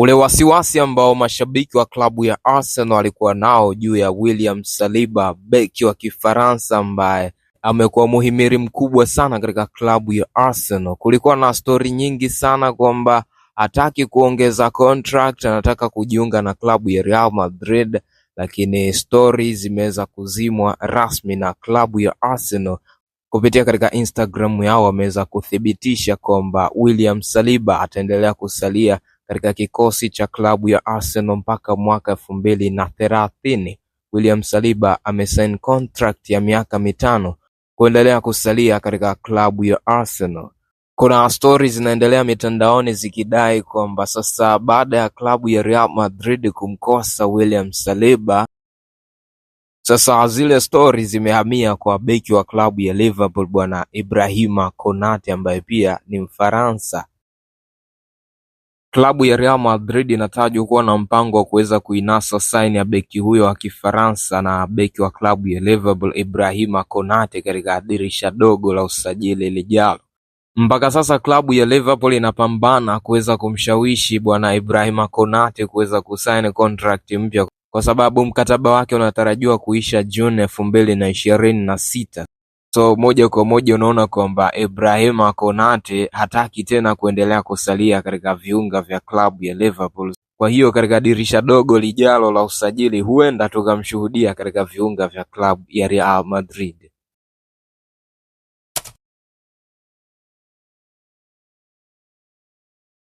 ule wasiwasi ambao mashabiki wa klabu ya Arsenal walikuwa nao juu ya William Saliba, beki wa Kifaransa ambaye amekuwa muhimili mkubwa sana katika klabu ya Arsenal. Kulikuwa na stori nyingi sana kwamba hataki kuongeza contract, anataka kujiunga na klabu ya Real Madrid, lakini stori zimeweza kuzimwa rasmi na klabu ya Arsenal kupitia katika Instagram yao wameweza kuthibitisha kwamba William Saliba ataendelea kusalia katika kikosi cha klabu ya Arsenal mpaka mwaka elfu mbili na thelathini. William Saliba amesign contract ya miaka mitano kuendelea kusalia katika klabu ya Arsenal. Kuna stori zinaendelea mitandaoni zikidai kwamba sasa baada ya klabu ya Real Madrid kumkosa William Saliba, sasa zile stori zimehamia kwa beki wa klabu ya Liverpool bwana Ibrahima Konate ambaye pia ni Mfaransa klabu ya real madrid inatajwa kuwa na mpango wa kuweza kuinasa saini ya beki huyo wa kifaransa na beki wa klabu ya liverpool ibrahima konate katika dirisha dogo la usajili lijalo mpaka sasa klabu ya liverpool inapambana kuweza kumshawishi bwana ibrahima konate kuweza kusaini contract mpya kwa sababu mkataba wake unatarajiwa kuisha juni elfu mbili na ishirini na sita so moja kwa moja unaona kwamba Ibrahima Konate hataki tena kuendelea kusalia katika viunga vya klabu ya Liverpool. Kwa hiyo katika dirisha dogo lijalo la usajili huenda tukamshuhudia katika viunga vya klabu ya Real Madrid.